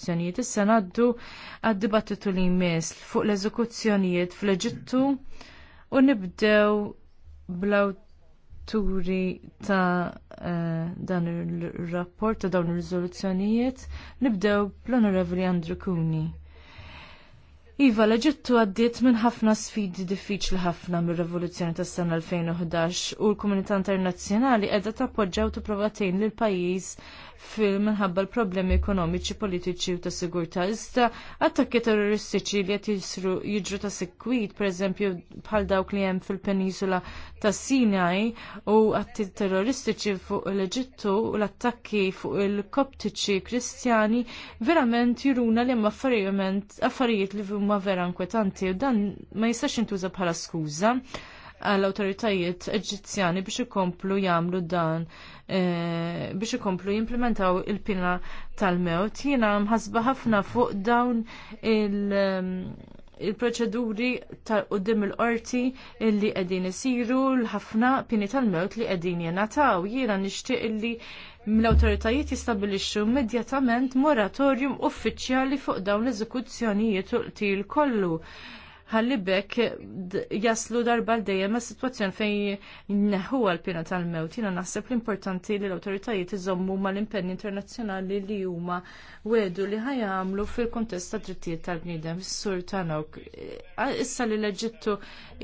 l-eżekuzzjonijiet. Issa ngħaddu għad-dibattitu li jmiss fuq l-eżekuzzjonijiet fl-Eġittu u nibdew bl-awturi ta' eh, dan ir-rapport ta' dawn ir-riżoluzzjonijiet, nibdew bl-Onorevoli Andrew Kuni. Iva, l-Eġittu għaddiet minn ħafna sfidi diffiċli ħafna mir revoluzzjoni tas sena 2011 u l-komunità internazzjonali qiegħda tappoġġaw tipprova tgħin lill pajjiż fil-minħabba l-problemi ekonomiċi, politiċi u ta' sigurtà. Iżda attakki terroristiċi li qed jisru jiġru ta' sekwit, pereżempju bħal dawk li hemm fil-peninsula ta' Sinaj u atti terroristiċi fuq l-Eġittu u l-attakki fuq il-Koptiċi Kristjani verament juruna li hemm affarijiet li huma vera inkwetanti u dan ma jistax intuża bħala skuża għall awtoritajiet Eġizzjani biex ikomplu jagħmlu dan eh, biex ikomplu jimplementaw il-pina tal-mewt. Jiena mħasba ħafna fuq dawn il- um, il-proċeduri ta' qoddim il-qorti illi qegħdin isiru l-ħafna pini tal-mewt li qegħdin jenataw. Jiena nixtieq illi mill-awtoritajiet jistabilixxu immedjatament moratorium uffiċjali fuq dawn l-eżekuzzjonijiet u qtil kollu ħallibek jaslu darba l dejjem ma' situazzjoni fejn neħu għal-pina tal-mewt. Jina naħseb l-importanti li l-autoritajiet iżommu ma' l-impenni internazzjonali li huma wedu li ħajamlu fil-kontest ta' drittijiet tal-bniedem. Sur Tanok, issa li l-Eġittu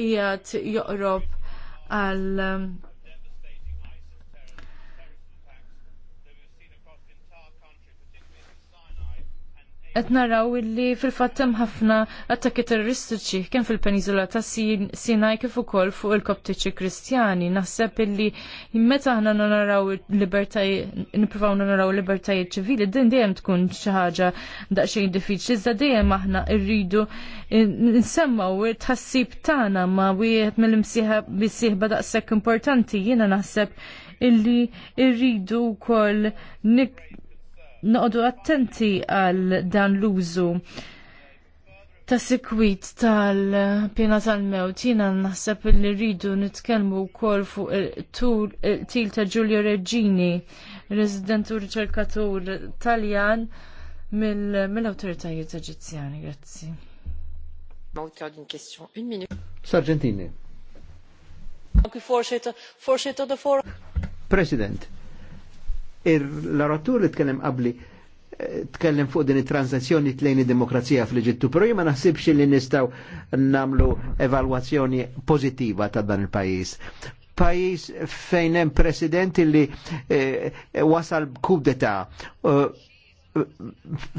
jgħat joqrob għal qed naraw illi fil-fatt hemm ħafna attakki terroristiċi kemm fil penizola ta' Sinaj kif ukoll fuq il-Koptiċi Kristjani. Naħseb illi meta aħna naraw libertajiet nippruvaw naraw libertajiet ċivili din dejjem tkun xi ħaġa daqsxejn diffiċli iżda dejjem aħna rridu nsemmaw it-tħassib tagħna ma wieħed mill-imsieħba bisieħba daqshekk importanti jiena naħseb illi rridu wkoll noqdu attenti għal dan l-użu ta' sikwit tal-pjena tal-mewt, jina naħseb li rridu nitkelmu kol fuq il-til ta' Giulio Reggini, resident u riċerkatur taljan mill-autoritajiet eġizzjani. Grazzi. Sargentini din kessjon, un minut. President, l-oratur li tkellem qabli eh, tkellem fuq din it-transazzjoni tlejn id-demokrazija fl-Eġittu, però jien ma naħsibx li nistgħu nagħmlu evalwazzjoni pożittiva ta' dan il-pajjiż. Pajjiż fejn hemm president li eh, wasal b'kudeta eh,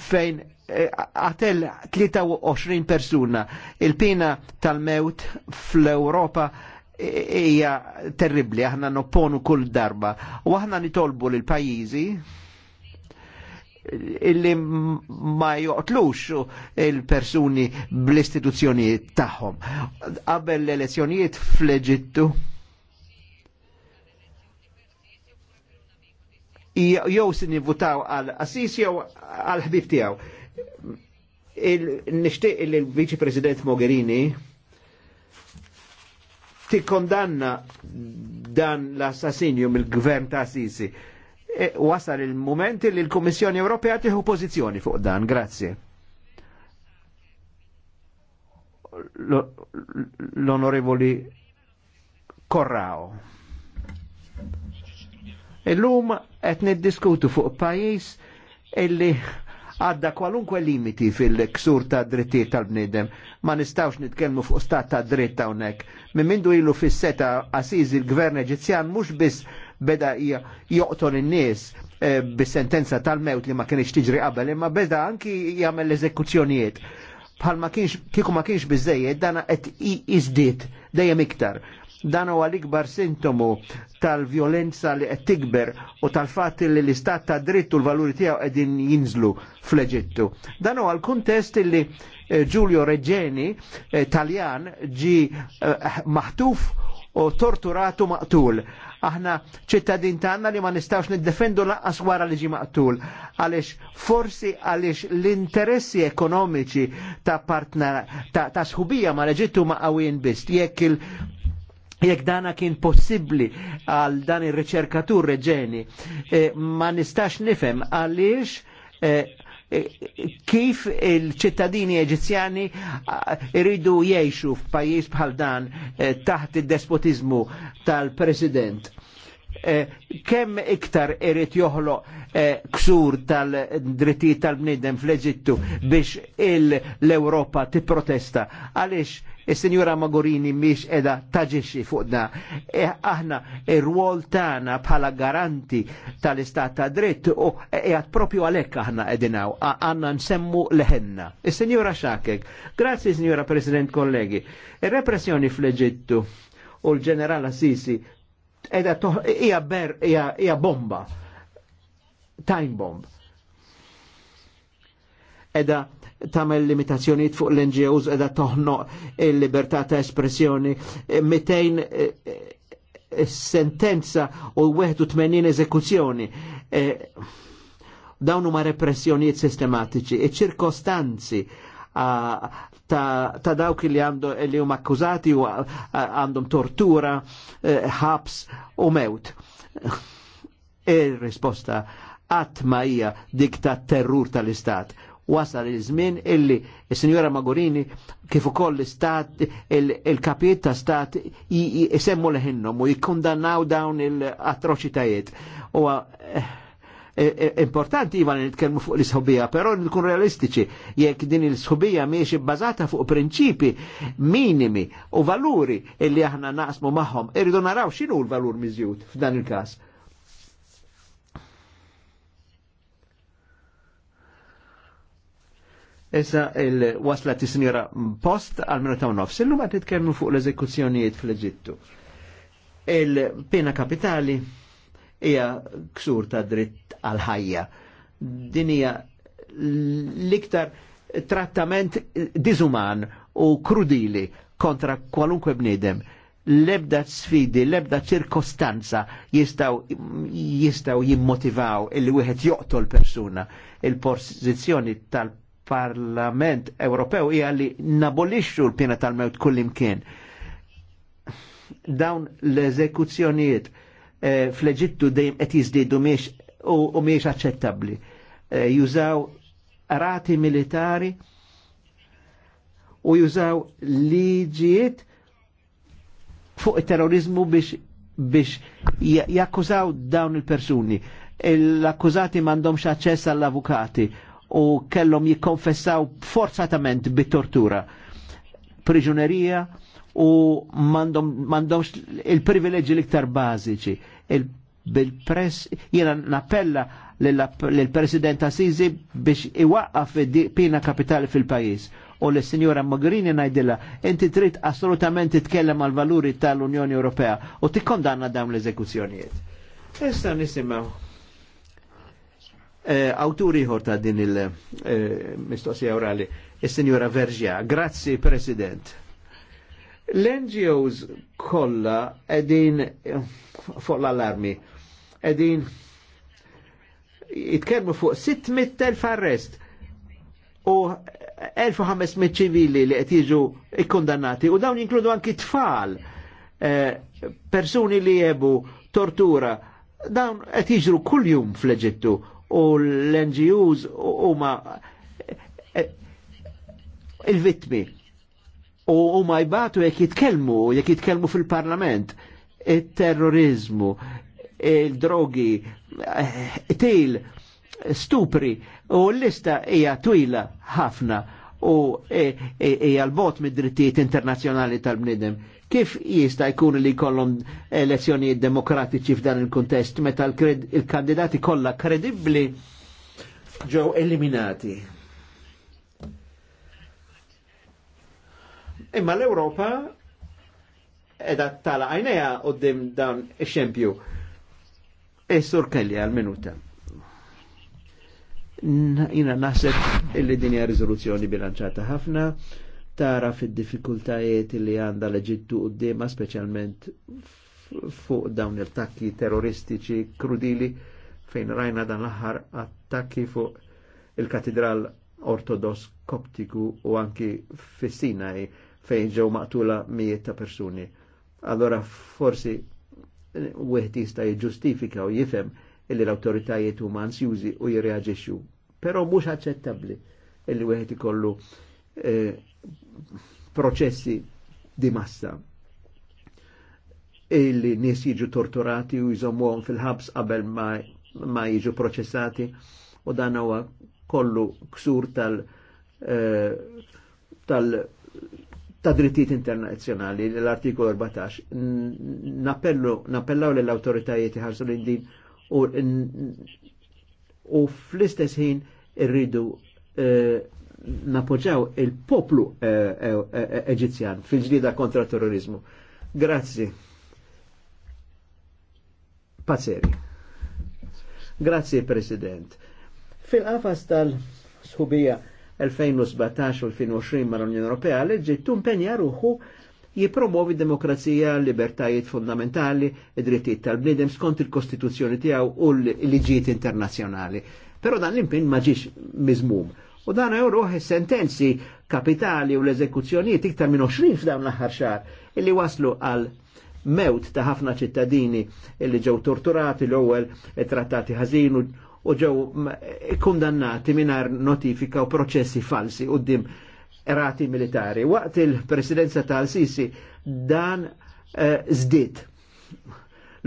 fejn eh, għatel 23 persuna il-pina tal-mewt fl-Europa hija terribli, aħna nopponu kull darba. U aħna nitolbu lil pajjiżi illi ma joqtlux il-persuni bl-istituzzjonijiet tagħhom. Qabel l-elezzjonijiet fl-Eġittu jew se nivvutaw għal Assis jew għal ħbib tiegħu. Nixtieq il-Viċi President Mogherini Ti kondanna dan l-assassinju mill-gvern ta' Sisi. E wasal il-moment li l-Kommissjoni Ewropea tieħu pożizzjoni fuq dan, grazzi. L-Onorevoli Korrao. Illum qed niddiskutu fuq pajjiż illi għadda kwalunkwe limiti fil-ksur ta' drittijiet tal-bnidem. Ma nistawx nitkellmu fuq stat ta' dritt hawnhekk. unnek. mindu ilu fis-seta' Assiż il-Gvern Eġizzjan mhux biss beda joqtol in-nies eh, bis-sentenza tal-mewt li ma kienx tiġri qabel, imma beda anki jagħmel l-eżekuzzjonijiet. Bħal ma kienx kieku ma kienx biżejjed dana qed iżdied dejjem iktar dan huwa l-ikbar sintomu tal-violenza li qed tikber u tal-fatt li l-istat ta' dritt u l-valuri tiegħu qegħdin jinżlu fl-Eġittu. Dan huwa l-kuntest li eh, Giulio Reggeni, eh, Taljan, ġi eh, maħtuf u torturatu maqtul. Aħna ċittadin tagħna li ma nistgħux niddefendu lanqas wara li ġi maqtul. Għaliex forsi għaliex l-interessi ekonomiċi ta' partner ta', ta sħubija ma' l-Eġittu ma' qawwin biss. Jekk jekk dana kien possibbli għal dan ir-riċerkatur reġeni, eh, ma nistax nifhem għaliex eh, eh kif il-ċittadini eġizjani eh, iridu jiexu f'pajjiż bħal dan eh, taħt id-despotizmu tal-president. Eh, kemm iktar irid joħloq eh, ksur tal-drittijiet tal-bniedem fl-Eġittu biex l-Ewropa tipprotesta għaliex is-Sinjura Magorini miex edha taġixxi fuq da. Eh, aħna ir-rwol tagħna bħala garanti tal-istat ta' dritt u qiegħed propju għalhekk aħna qegħdinaw għandna nsemmu leħenna. Is-Sinjura Xakek, grazzi Sinjura President kollegi. Ir-repressjoni fl-Eġittu u l-ġenerala Sisi edha ija ber ija bomba. Time bomb. Edha tamel limitazzjoniet fuq l-NGOs edha toħno il-libertà ta' espressjoni 200 e, e, e, sentenza u 81 eżekuzzjoni. Dawn huma repressjoniet sistematiċi, iċ-ċirkostanzi ta', ta dawk li għandu li huma akkużati u għandhom tortura, eh, ħabs eh, u mewt. Ir-risposta għatma hija dik ta' terrur tal-istat wasal il-żmien illi il-Sinjora Magorini kif ukoll l-istat il kapiet ta' stat jisemmu leħinnom u jikkundannaw dawn il-atroċitajiet. U eh, E, e, importanti jivan nitkellmu fuq l-isħobija, però nkun realistiċi jekk din l-isħobija miex bazata fuq prinċipi minimi u valuri illi aħna naqsmu magħhom, irridu naraw x'inhu l-valur miżjud f'dan il-każ. Issa il-wasla t-sinjora post għal-minuta u nofs, il-lum għat fuq l-eżekuzzjonijiet fl-Eġittu. Il-pena kapitali hija ksur ta' dritt għal ħajja. Din hija l-iktar trattament dizuman u krudili kontra kwalunkwe bniedem lebda sfidi, lebda ċirkostanza jistaw, jistaw jimmotivaw illi wieħed joqtol persuna. Il-pożizzjoni tal-Parlament Ewropew hija li nabolixxu l-pjena tal-mewt kullimkien. Dawn l-eżekuzzjonijiet Eh, fl-Eġittu dejjem qed jiżdiedu miex u miex aċċettabbli. Eh, jużaw rati militari u jużaw liġijiet fuq il-terrorizmu biex biex jakkużaw dawn il-persuni. L-akkużati mandomx xaċċess għall-avukati u kellhom jikkonfessaw forzatament bit-tortura. Priġunerija, u mandomx il-privileġi l-iktar bażiċi. Bil-press, jena nappella l-President Assisi biex iwaqqaf pina kapitali fil-pajis. U l signora Mogherini najdilla, inti trid assolutament titkellem għal valuri tal-Unjoni Ewropea u tikkondanna dawn l-eżekuzzjonijiet. Issa nisimaw eh, awturi ħor ta' din il-mistoqsija eh, orali, il signora Verġja. Grazzi, President. L-NGOs kolla edin fuq l-allarmi, edin jitkermu fuq 600.000 arrest u 1500 ċivili li qed jiġu ikkondannati u dawn jinkludu anki tfal, eh, persuni li jebu tortura, dawn qed jiġru kuljum fl-Eġittu u l-NGOs huma eh, il-vittmi u huma jbatu jekk jitkellmu, jekk jitkellmu fil-parlament, il terrorizmu il-drogi, til, stupri, u l-lista hija twila ħafna u hija e, e, e, l-bot mid-drittijiet internazzjonali tal-bnidem. Kif jista' jkun li kollhom elezzjonijiet demokratiċi f'dan il-kuntest meta l-kandidati kollha kredibbli ġew eliminati? Imma l-Europa edha tala għajneja dim dan eċempju. Essur kelli għal-minuta. Jina naħseb illi dinja rizoluzzjoni bilanċata ħafna, tara fid diffikultajiet li għanda l-ġittu għoddima, specialment fuq dawn l takki terroristiċi krudili fejn rajna dan l ħar attakki fuq il-katedral ortodos koptiku u anki fissinaj. sinaj fejn ġew maqtula mijiet ta' persuni. Allora forsi eh, wieħed jista' jiġġustifika u jifhem illi l-awtoritajiet huma ansjużi u jirreaġixxu. Però mhux aċċettabbli illi wieħed ikollu eh, proċessi di massa illi nies jiġu torturati u jżommuhom fil-ħabs qabel ma, ma jiġu proċessati u dan huwa kollu ksur tal- eh, tal- ta' drittijiet internazzjonali l-artikolu 14. Nappellaw l autoritajiet iħarsu l din u, u fl-istess ħin irridu eh, napoġaw il-poplu eh, eh, eġizjan fil-ġlida kontra terrorizmu. Grazzi. Pazzeri. Grazzi, President. Fil-qafas tal-sħubija 2017 u 2020 mal-Unjoni Ewropea leġi ġiet ruħu jipromovi demokrazija, libertajiet fundamentali, id-drittijiet tal-bnidem skont il-Kostituzzjoni tiegħu u l-liġijiet internazzjonali. Però dan l-impin ma ġiex miżmum. U dan ruħ sentenzi kapitali u l-eżekuzzjonijiet iktar minn 20 f'dawn l-aħħar xahar illi waslu għal mewt ta' ħafna ċittadini illi ġew torturati l-ewwel e trattati ħażin u ġew kundannati minar notifika u proċessi falsi qudiem rati militari. Waqt il-presidenza tal-Sisi dan eh, zdit.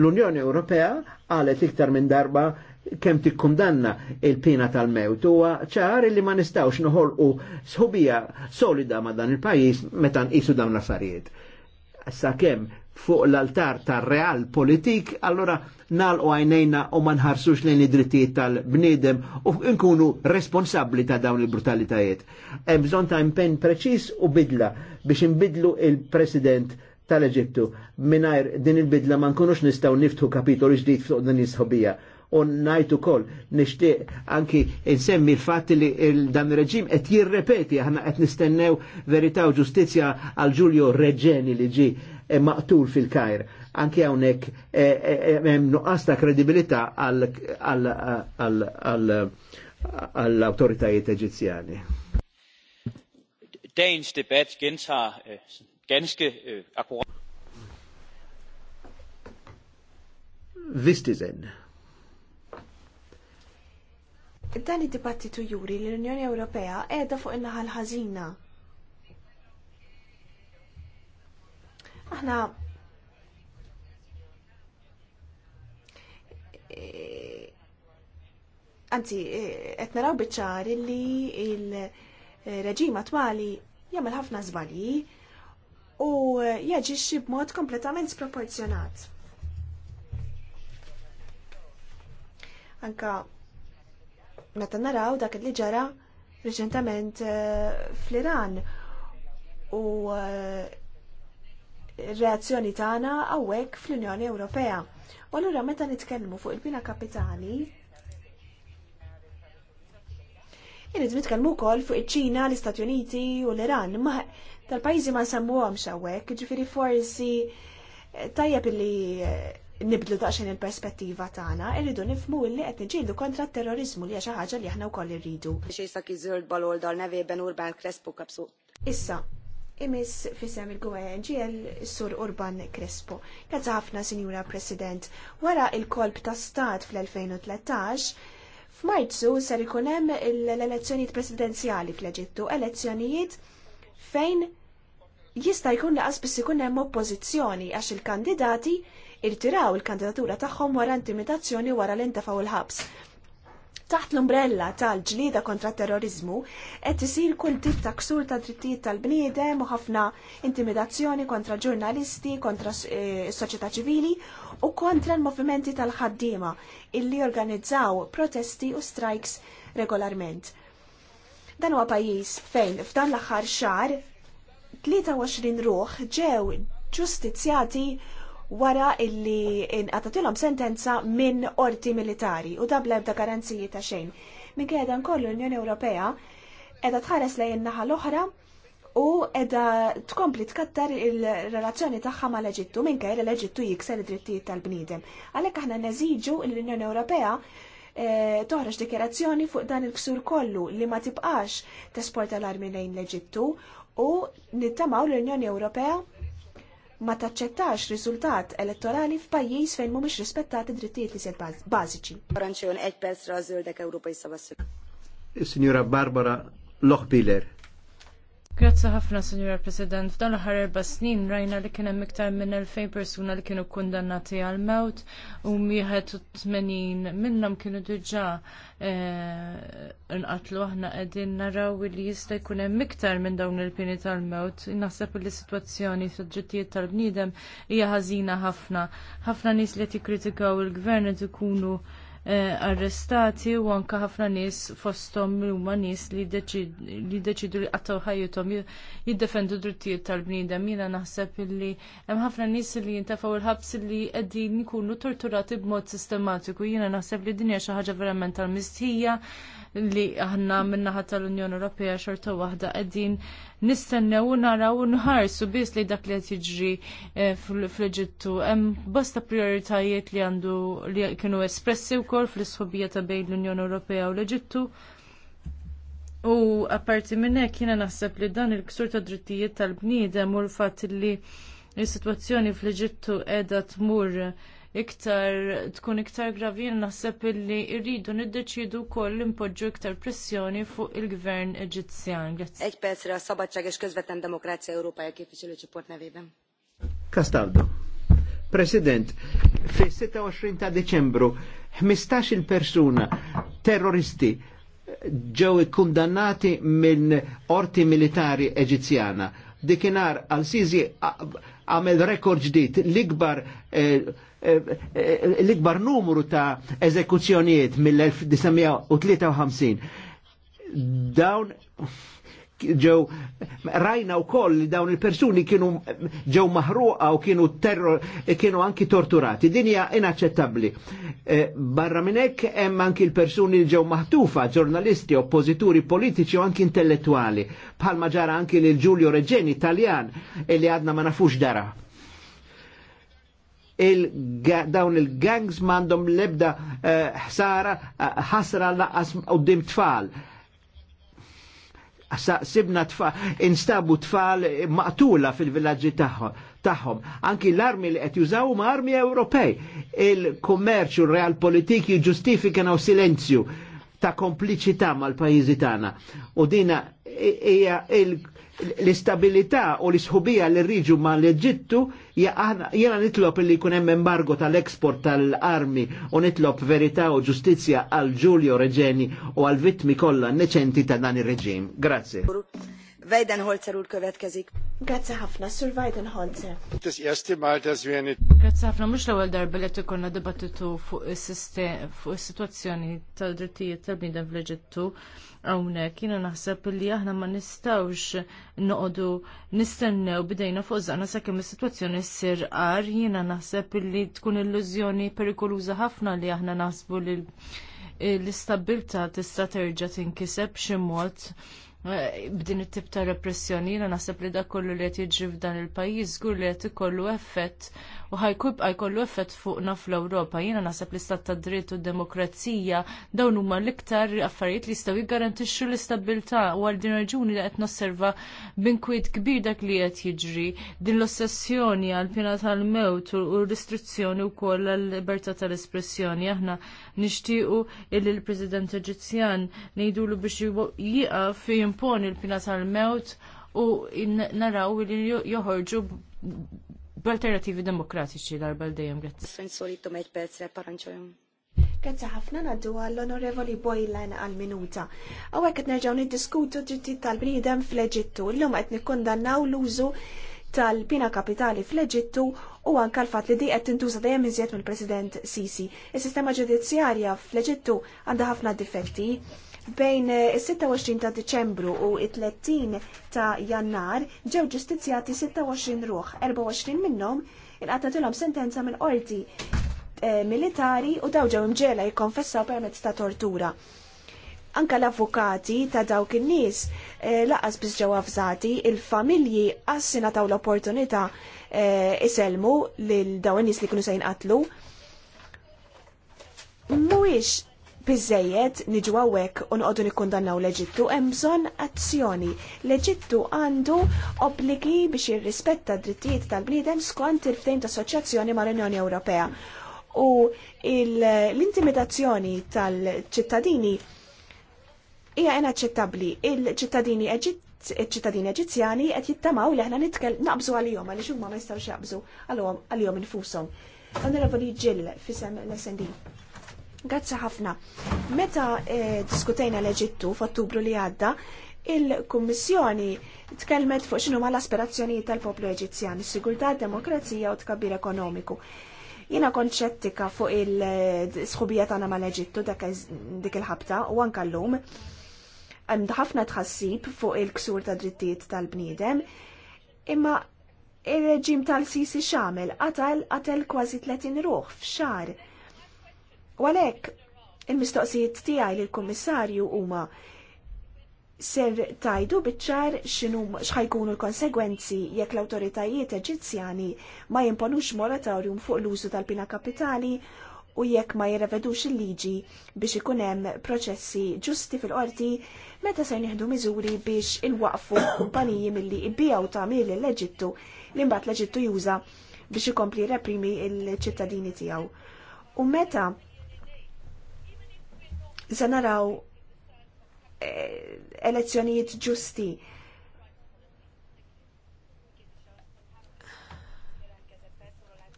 L-Unjoni Ewropea għalet iktar minn darba kem tikkundanna il-pina tal-mewt huwa ċar li ma nistawx noħolqu sħubija solida ma dan il-pajjiż meta nqisu dawn l-affarijiet. Sa kemm fuq l-altar tar real politik, allora nalqu għajnejna u ma nħarsux lejn id-drittijiet tal-bniedem u nkunu responsabbli ta' dawn il-brutalitajiet. Hemm bżonn ta' impenn preċis u bidla biex inbidlu il-President tal-Eġittu. Minajr din il-bidla ma nkunux nistgħu niftħu kapitolu ġdid fuq din is-ħobija u najtu kol nishtiq anki insemmi l-fat li dan reġim qed jirrepeti aħna qed nistennew verità u ġustizzja għal Ġulio Reġeni li ġi E, maqtul fil-kajr. Anki hawnhekk e, e, hemm nuqqas ta' kredibilità għall-awtoritajiet Eġizzjani. Dagens debat gentager øh, ganske øh, akkurat. Vistizen. Dan id-dibattitu juri l-Unjoni Ewropea edha fuq in-naħa ħażina Aħna Anzi, qed naraw biċċar li il-reġim attwali jagħmel ħafna żbalji u jaġixxi b'mod kompletament sproporzjonat. Anka meta naraw dak li ġara reċentament eh, fl-Iran u eh, reazzjoni tagħna hawnhekk fl-Unjoni Ewropea. U allura meta nitkellmu fuq il-bina kapitali, Irrid nitkellmu wkoll fuq iċ-Ċina, l-Istati Uniti u l-Iran, ma tal-pajjiżi ma nsemmuhomx hawnhekk, jiġifieri forsi eh, tajjeb li eh, nibdlu daqsxejn il-perspettiva tagħna, irridu nifhmu li qed niġġieldu kontra t-terrorizmu li hija xi ħaġa li aħna wkoll irridu. Issa, imis fisem il-gwen ġiel sur Urban Crespo. Grazzi ħafna, Sinjura President. Wara il-kolb ta' stat fl-2013, f'Marzu ser ikun hemm l-elezzjonijiet presidenzjali fl-Eġittu, elezzjonijiet fejn jista' jkun laqas biss ikun hemm oppożizzjoni għax il-kandidati irtiraw il-kandidatura tagħhom wara intimidazzjoni wara l-intafaw il-ħabs taħt l-umbrella tal-ġlida kontra terrorizmu qed isir kull tip ta' ksur ta' drittijiet tal-bniedem u ħafna intimidazzjoni kontra ġurnalisti, kontra s-soċjetà eh, ċivili u kontra l-movimenti tal-ħaddiema illi organizzaw protesti u strikes regolarment. Dan huwa pajjiż fejn f'dan l-aħħar xahar 23 ruħ ġew ġustizzjati wara illi inqatatilhom sentenza minn orti militari u dabla ebda garanziji ta' xejn. Minkejja dan kollu l-Unjoni Ewropea qiegħda tħares lejn naħa l-oħra u edha tkompli tkattar il-relazzjoni tagħha mal eġittu minkejja l-Eġittu jikser id-drittijiet tal-bniedem. Għalhekk aħna neżiġu l-Unjoni Ewropea eh, toħroġ dikjerazzjoni fuq dan il-ksur kollu li ma tibqax tesporta l-armi lejn l-Eġittu u nittamaw l-Unjoni Ewropea ma taċċettax riżultat elettorali f'pajjiż fejn mhumiex rispettati drittijiet li se bażiċi. Paranċjon qed Ewropej sabassu. E Barbara Lochbiller. Grazzi ħafna, Signora President. F'dan l-aħħar erba' snin rajna li kien hemm iktar minn 2000 persuna li kienu kundannati għal mewt u wieħed u tmenin minnhom kienu diġà eh, nqatlu aħna qegħdin naraw li jista' jkun hemm iktar minn dawn il-pini tal-mewt. Naħseb li s-sitwazzjoni fid-ġittijiet tal-bniedem hija ħażina ħafna. Ħafna nies li jikkritikaw il-gvern qed ikunu Eh, arrestati u anka ħafna nies fosthom huma nies li deċidu li qattaw ħajjithom jiddefendu drittijiet tal-bniedem. Jiena naħseb illi hemm ħafna nies li jintefgħu il-ħabs li qegħdin ikunu torturati b'mod sistematiku. Jiena naħseb li din hija xi ħaġa verament tal-mistħija li aħna minnaħat tal-Unjoni Ewropea xorta waħda qegħdin nistennew u naraw u nħarsu biss li dak li qed jiġri eh, fl-Eġittu. Hemm bosta prioritajiet li għandu li kienu espressi wkoll fl-isħobija ta' bejn l-Unjoni Ewropea u l-Eġittu. U apparti minn hekk jiena naħseb li dan il-ksur ta' drittijiet tal-bniedem u l-fatt li s-sitwazzjoni fl-Eġittu qiegħda tmur iktar tkun iktar gravi naħseb illi rridu niddeċidu wkoll impoġġu iktar pressjoni fuq il-gvern Eġizzjan. Egy percre a szabadság és President, fi 26 ta' Deċembru 15 il persuna terroristi ġew ikkundannati minn orti militari Eġizzjana dikinar al Sizi għamel rekord ġdid l-ikbar eh, eh, eh, l-ikbar numru ta' eżekuzzjonijiet mill-1953. Dawn ġew rajna u koll li dawn il-persuni kienu ġew maħruqa u kienu terror, kienu anki torturati. Dinja inaċċettabli. Eh, barra minnek hemm anki l-persuni li ġew maħtufa, ġurnalisti, oppożituri politiċi u anki intellettuali. Bħalma ġara anki lil Giulio Reġeni Italjan e li għadna ma nafux dara. Il dawn il-gangs mandom lebda eh, ħsara ħasra laqas qudiem tfal sibna instabu tfal maqtula fil-villagġi tagħhom. Anki l-armi li qed jużaw ma' armi Ewropej. il kummerċu real r-realpolitik jiġġustifikanaw silenzju ta' kompliċità mal-pajjiżi tagħna. U dina hija il l-istabilità u l-isħubija li rriġu ma l-Eġittu jena nitlob li jkun hemm embargo tal export tal-armi u nitlob verità u ġustizja għal Giulio Reġeni u għal vittmi kollha neċenti ta' dan ir-reġim. Grazie. Weidenholzer úr következik. Grazie ħafna, Sur Weidenholzer. Das erste Mal, dass wir eine... Grazie ħafna, mux l-ewel darba li tukonna dibattitu fuq il-situazzjoni tal-drittijiet tal-bniedem fl-Eġittu għawnek, jina naħseb li aħna ma nistawx noqdu nistennew bidejna fuq zaqna sakemm is-sitwazzjoni sir qar, jina naħseb li tkun illużjoni perikoluża ħafna li aħna naħsbu li l-istabilta tista' terġa' tinkiseb xi b'din it-tip ta' repressjoni jiena naħseb li dak kollu li qed jiġri f'dan il-pajjiż żgur li qed ikollu effett u ħajkubqa jkollu effett fuqna fl-Ewropa. Jiena naħseb li stat ta' dritt u demokrazija dawn huma l-iktar affarijiet li jistgħu jiggarantixxu l istabbiltà u għal din raġuni li qed nosserva b'inkwiet kbir dak li qed jiġri din l-ossessjoni għal pina tal-mewt u l-istruzzjoni u koll għal-libertà tal-espressjoni. Aħna nixtiequ lill president Eġizzjan ngħidulu biex jieqaf imponi l-pina tal-mewt u naraw li joħorġu b'alternativi demokratiċi darba l-dejjem. Grazie. ħafna naddu għall-Onorevoli Boylan għal-minuta. Għawek qed nerġgħu niddiskutu ġitti tal-bniedem fl-Eġittu. L-lum qed nikkondannaw l-użu tal-pina kapitali fl-Eġittu u anka l-fat li di qed tintuża dejjem iżjed mill-President Sisi. il sistema ġudizzjarja fl-Eġittu għandha ħafna difetti Bejn eh, is-26 ta' Diċembru u 30 ta' Jannar ġew ġustizzjati 26 ruħ, 24 minnhom il sentenza minn qorti eh, militari u daw ġew imġela jikkonfessaw permezz ta' tortura. Anka l-avukati ta' dawk in-nies eh, laqas biss ġew avżati, il-familji għassina taw l-opportunità iselmu lil dawn in-nies li kienu se jinqatlu. Mhuwiex bizzejed niġu għawek u noqogħdu nikkundannaw l-Eġittu hemm bżonn azzjoni. L-Eġittu għandu obbligi biex jirrispetta drittijiet tal bliden skont il ftejn ta' ma' mal-Unjoni Ewropea. U l-intimidazzjoni tal-ċittadini hija inaċċettabbli. Il-ċittadini ċittadini Eġizzjani qed jittamaw li aħna nitkell naqbżu għalihom għaliex huma ma jistgħux jaqbżu għalihom infushom. Onorevoli Ġill fisem l-SND. Grazie ħafna. Meta eh, diskutejna l-Eġittu f'Ottubru li għadda, il-Kummissjoni tkellmet fuq x'inhuma l-aspirazzjonijiet tal-poplu Eġizzjan, is-sigurtà, demokrazija u tkabbir ekonomiku. Jiena konċettika fuq il-sħubija tagħna mal-Eġittu dik il-ħabta u anke llum hemm ħafna tħassib fuq il-ksur ta' drittijiet tal-bniedem, imma ir-reġim tal-Sisi xamel qatal qatel kważi 30 ruħ f'xar. U għalhekk il-mistoqsijiet tiegħi lill kummissarju huma ser tajdu biċċar x'inhu x'ħajkunu l-konsegwenzi jekk l-awtoritajiet Eġizzjani ma jimponux moratorium fuq l-użu tal-pina kapitali u jekk ma jirrevedux il-liġi biex ikun hemm proċessi ġusti fil-qorti meta se nieħdu miżuri biex inwaqfu kumpaniji milli ta' tagħmil l-Eġittu li mbagħad l-Eġittu juża biex ikompli reprimi il-ċittadini tiegħu. U meta se naraw e, elezzjonijiet ġusti.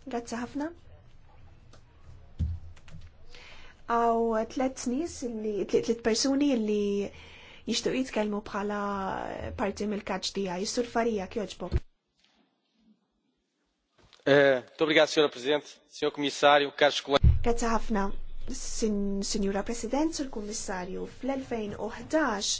Grazie ħafna. Għaw tlet nis, tlet persuni li jishtuq jitkelmu bħala parti mill-kaċ dija, jistur farija kjoġbok. Eh, Tobrigat, signora Prezident, signor Komissarju, kaċ Grazie ħafna, Sinjura President, Sur Kummissarju, fl-2011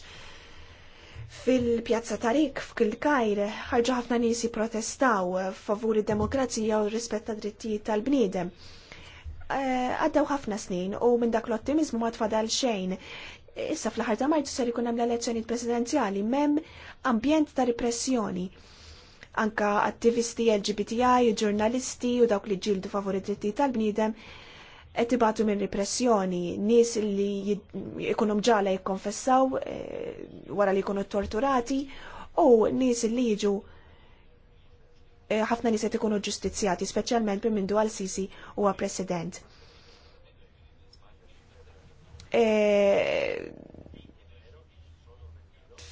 fil-pjazza Tarik f'Kilkajr ħarġu ħafna nies jipprotestaw favur id-demokrazija u rispett ta' drittijiet tal-bniedem. Eh, għaddew ħafna snin u minn dak l-ottimizmu ma tfadal xejn. Issa fl-ħar ta' Martu ser ikun hemm l-elezzjonijiet presidenzjali m'hemm ambjent ta' repressjoni. Anka attivisti LGBTI, ġurnalisti u dawk li ġildu favur id-drittijiet tal-bniedem qed ibatu minn repressjoni, nies li jkunhom ġala jikkonfessaw eh, wara li jkunu torturati u nies li jiġu eh, ħafna nis nies qed ikunu ġustizzjati, speċjalment minn mindu għal Sisi huwa president. Eh,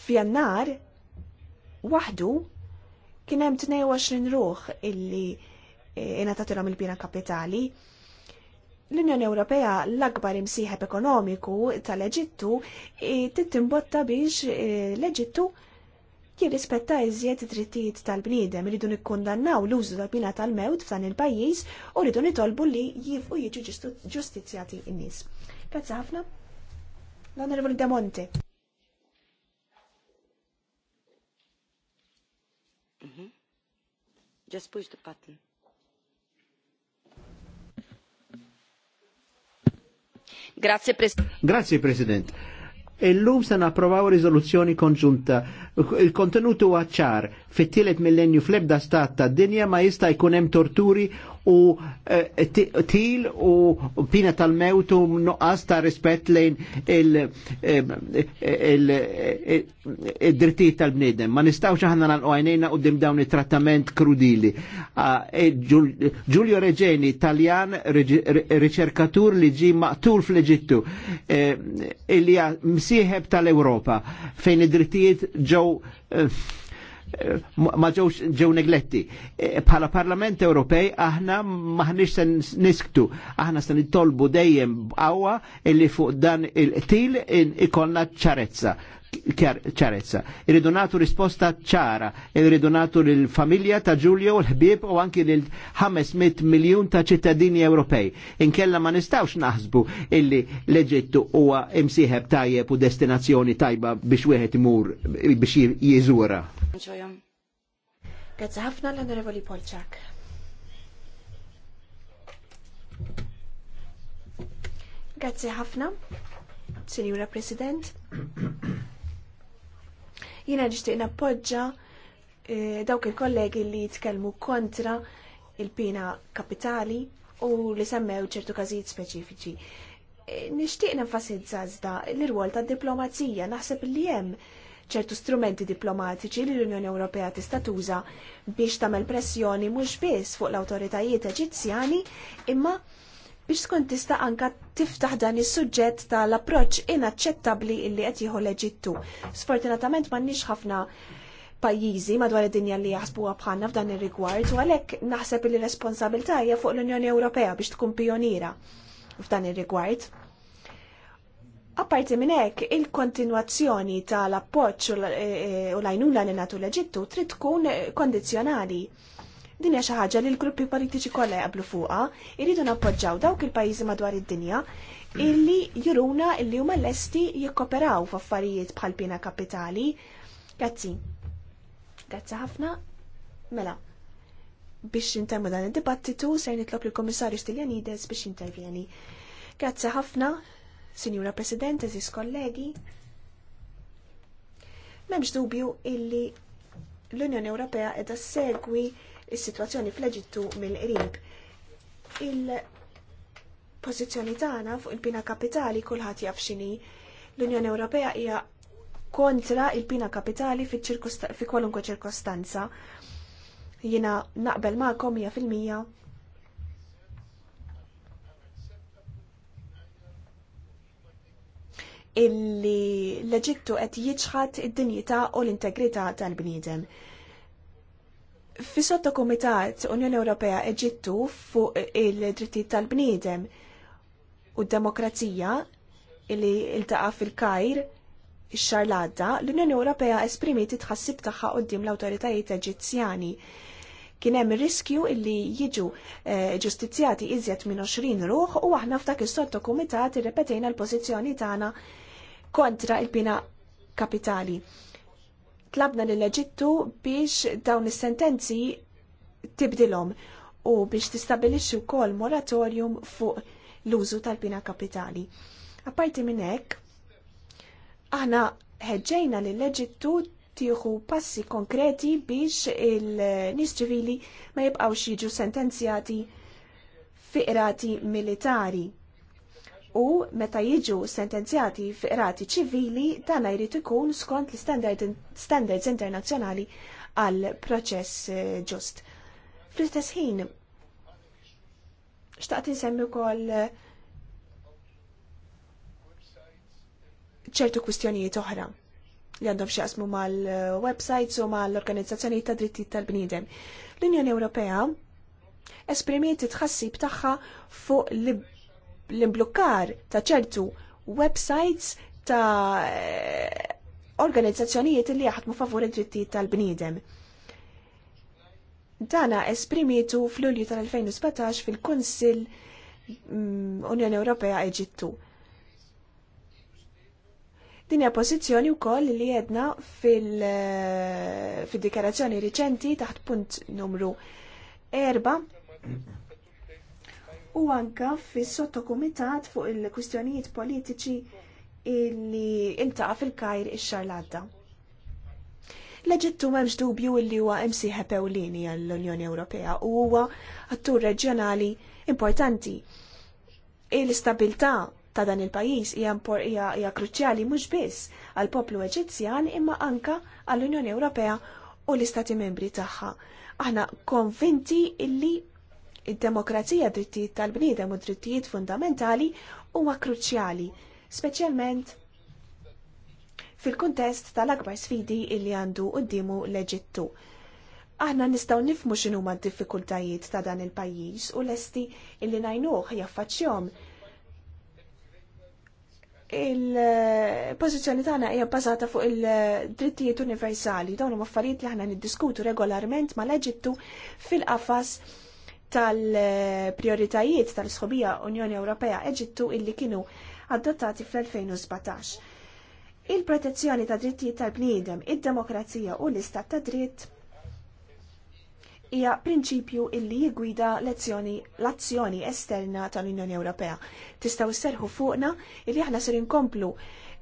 fjannar wahdu, kien hemm 22 ruħ illi ingħatatilhom il-bina kapitali l-Unjoni Ewropea l-akbar imsieħeb ekonomiku tal-Eġittu tittimbotta biex eh, l-Eġittu jirrispetta iżjed drittijiet tal-bniedem dun nikkundannaw l-użu tal bina tal-mewt f'dan il-pajjiż u rridu nitolbu li jifqu jiġu ġustizzjati n-nies. Grazzi ħafna. L-Onorevoli Damonte. Mhm. Just push the button. Grazie, pres Grazie President. Illum se napprovaw riżoluzzjoni konġunta. Il-kontenutu għacċar fit-tielet millenju fl-ebda stat ta' dinja ma jista' jkun hemm torturi u eh, til u pina tal mewtu u ta' rispett lejn il-drittijiet eh, eh, tal-bnedem. Ma nistawx aħna nagħlqu għajnejna u dawn it-trattament krudili. Ah, e Giulio Reġeni, Taljan, riċerkatur li ġi maqtul fl-Eġittu, il-li msieħeb tal europa fejn id-drittijiet ġew ma ġewx ġew negletti. E, bħala Parlament Ewropej aħna maħniex se nisktu, aħna se nittolbu dejjem b'qawwa illi fuq dan il-til ikollna ċarezza ċarezza. Irridu natu risposta ċara, irridu natu l-familja ta' Giulio, l-ħbib u anki l-500 miljon ta' ċittadini Ewropej. Inkella ma nistawx naħsbu illi l-Eġittu huwa imsieħeb tajjeb u destinazzjoni tajba biex wieħed imur biex jiżura. Grazie ħafna l-Onorevoli Polċak. Grazie ħafna, Signora Presidente. Jiena nixtieq nappoġġa eh, dawk il-kollegi li jitkellmu kontra il-pina kapitali u li semmew ċertu każijiet speċifiċi. Eh, nixtieq nenfasizza iżda l-irwol tad diplomazija naħseb li hemm ċertu strumenti diplomatiċi li l-Unjoni Ewropea tista' tuża biex tagħmel pressjoni mhux biss fuq l-awtoritajiet Eġizzjani imma biex tkun tista' anka tiftaħ dan is-suġġett tal-approċċ inaċċettabbli illi qed jieħu l-Eġittu. Sfortunatament m'għandniex ħafna pajjiżi madwar id-dinja li jaħsbuha bħalna f'dan ir-rigward u għalhekk naħseb li responsabilità hija fuq l-Unjoni Ewropea biex tkun pioniera f'dan ir-rigward. Apparti minn hekk, il-kontinwazzjoni tal-appoġġ u e, e, l-għajnuna li nagħtu l-Eġittu trid tkun kondizzjonali Din hija xi ħaġa li l-gruppi politiċi kollha jaqblu fuqha, iridu nappoġġaw dawk il-pajjiżi madwar id-dinja illi juruna illi huma lesti jikkoperaw f'affarijiet bħal pina kapitali. Grazzi. Grazzi ħafna. Mela, biex jintemmu dan id-dibattitu se nitlob il kummissarju Stiljanides biex jintervjeni. Grazzi ħafna, Sinjura Presidente, eżis kollegi. Memx dubju illi l-Unjoni Ewropea edha segwi is-sitwazzjoni fl-Eġittu mill-qrib. Il-pożizzjoni tagħna fuq il-pina kapitali kulħadd jaf x'inhi. L-Unjoni Ewropea hija kontra il-pina kapitali fi kwalunkwe ċirkostanza. Jiena naqbel ma'kom hija fil-mija illi l-Eġittu qed jiġħad id-dinjità u l-integrità tal-bniedem. Fi sotto komitat Unjoni Ewropea Eġittu fuq il-drittijiet tal-bniedem u d-demokrazija li iltaqa fil-Kajr ix-xar l unjoni Ewropea esprimi tħassib tagħha qudiem l-awtoritajiet Eġizzjani. Kien hemm riskju illi jiġu eh, ġustizzjati iżjed minn 20 ruħ u aħna f'dak is-sotto komitat irrepetejna l-pożizzjoni tagħna kontra il bina kapitali tlabna li leġittu biex dawn is-sentenzi tibdilhom u biex tistabilixxi wkoll moratorium fuq l-użu tal-pina kapitali. Apparti minn hekk, aħna ħeġġejna lill leġittu tieħu passi konkreti biex il-nies ma jibqgħux jiġu sentenzjati fiqrati militari u meta jiġu sentenzjati f'irati ċivili dan jrid ikun skont l-standards internazzjonali għal proċess eh, ġust. Fl-istess ħin, xtaqt insemmi wkoll eh, ċertu kwistjonijiet oħra li għandhom x'jaqsmu mal-websites u mal-organizzazzjoni ta' drittijiet tal-bniedem. L-Unjoni Ewropea esprimiet tħassib tagħha fuq l-imblukkar ta' ċertu websites ta' organizzazzjonijiet li jaħdmu favur id-drittijiet tal-bniedem. Dana esprimitu fl-Ulju tal-2017 fil-Kunsill mm, Unjoni Ewropea Eġittu. Din hija pożizzjoni wkoll li jedna fil-dikarazzjoni riċenti taħt punt numru 4 u anka fis sottokumitat fuq il-kwistjonijiet politiċi illi intaqa fil-kajr ix-xar l-għadda. L-Eġittu memx dubju illi huwa imsieħeb ewlieni għall-Unjoni Ewropea u huwa attur reġjonali importanti. Il-stabilità ta' dan il-pajis hija kruċjali mhux biss għall poplu Eġizzjan imma anka għall-Unjoni Ewropea u l-Istati Membri tagħha. Aħna konvinti illi Id-demokrazija drittijiet tal-bniedem u drittijiet fundamentali huwa kruċjali, speċjalment fil-kuntest tal-akbar sfidi illi għandu qoddimu l-Eġittu. Aħna nistgħu nifmu x'inhuma d-diffikultajiet ta' dan il-pajjiż u lesti illi ngħinuh jaffaċċjhom. il-pozizjoni tagħna hija bbażata fuq il-drittijiet universali. Dawn huma affarijiet li aħna niddiskutu regolarment mal-Eġittu fil-qafas tal-prioritajiet tal-sħobija Unjoni Ewropea Eġittu illi kienu adottati fl-2017. Il-protezzjoni ta' drittijiet tal-bniedem, id-demokrazija u l-istat ta' dritt hija prinċipju illi jigwida l-azzjoni esterna tal-Unjoni Ewropea. Tistgħu serħu fuqna illi aħna ser inkomplu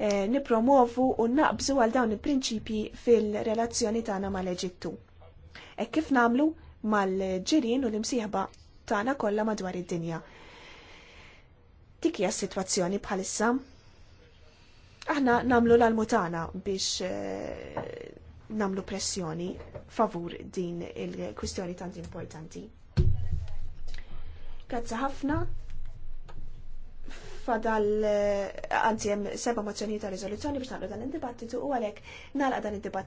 E, nipromovu u naqbżu għal dawn il-prinċipji fil-relazzjoni tagħna mal-Eġittu. E kif namlu? mal-ġirien u l-imsieħba tagħna kollha madwar id-dinja. Dik hija s-sitwazzjoni bħalissa. Aħna namlu l-almutana biex nagħmlu eh, namlu pressjoni favur din il-kwistjoni tant importanti. Grazzi ħafna. Fadal, eh, anzi, seba' mozzjoni ta' rizoluzzjoni biex naqlu dan il dibattitu u għalhekk nalqa dan id-dibattitu.